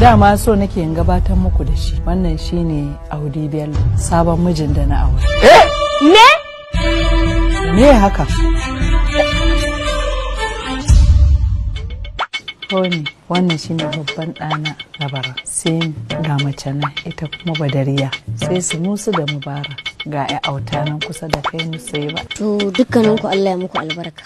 dama so nake in gabatar muku da shi wannan shine audi bello sabon mijin da na aure eh me me haka Tony wannan shine babban ɗana Rabara sai ga mace na ita kuma Badariya sai su musu da Mubara ga 'ya auta nan kusa da kai musu ba. To dukkaninku Allah ya muku albarka.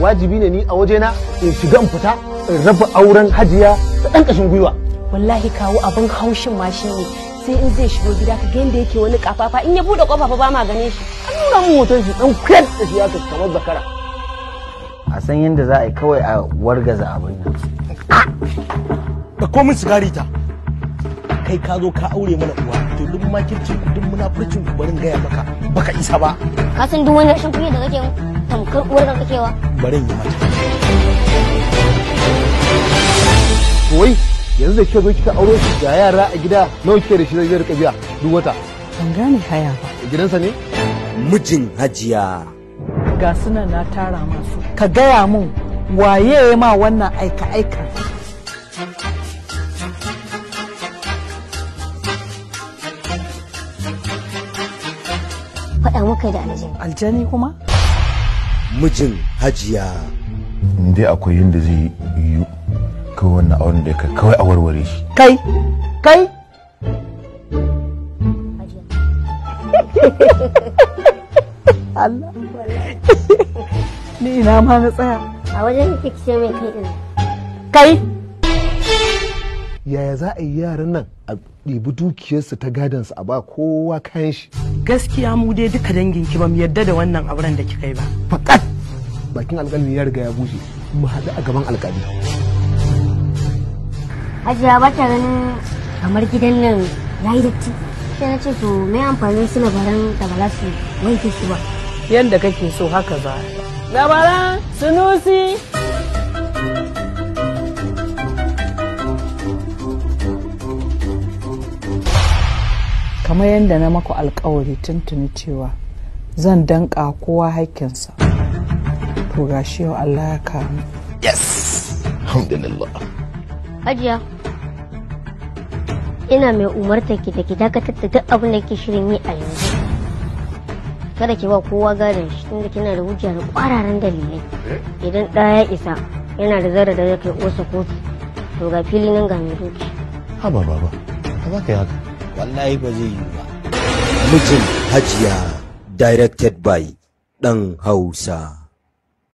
wajibi ne ni a na in shiga in fita in raba auren hajiya da ɗan ƙashin gwiwa wallahi kawo abin haushin ma shi ne sai in zai shigo gida ka ga da yake wani kafafa in ya buɗe kofa ba ma gane shi an nuna mun hoton shi dan kuyar da shi haka kamar zakara a san yadda za a yi kawai a wargaza abin nan da komai sigari ta kai ka zo ka aure mana uwa to duk makircin ku duk munafurcin ku barin gaya maka baka isa ba ka san duk wani rashin kunya da kake tamkar uwar da ka wa barin yi mata wai yanzu da kika zo kika aure shi ga yara a gida nawa kike da shi zai rika biya duk wata ban gane haya ba gidansa ne mijin hajiya ga sunan na tara masu ka gaya mun waye ma wannan aika aika faɗa muka da aljani aljani kuma mijin hajiya inda akwai yadda zai yiwu kawai wannan auren da ya kai kawai a warware shi kai kai Allah ni ina ma na tsaya a wajen kike mai kai kai yaya za a yi yaran nan a ɗibi dukiyarsu ta gadansu a ba kowa kayan shi gaskiya mu dai duka dangin ki ba mu yadda da wannan auren da kika yi ba fakat bakin alƙalmi ya riga ya bushe mu haɗu a gaban alƙali ajiya ba ta ganin kamar gidan nan ya yi datti sai na ce to mai amfanin su labaran da ba za su wanke shi ba yadda kake so haka ba labaran sunusi kamar yadda na maku alkawari tuntuni cewa zan danka kowa haƙƙinsa to ga shi yau Allah ya kamu yes alhamdulillah hajiya ina mai umarta ki da ki dakatar da duk abin da ke shirin yi a yanzu kada ki ba kowa gadon shi tunda kina da hujja da kwararan dalilai eh? idan ɗaya ya isa yana da zarar da zai kai kotu to ga filin nan ga mai doki haba baba ba za ka yi haka wallahi ba zai yi ba mijin hajiya directed by ɗan hausa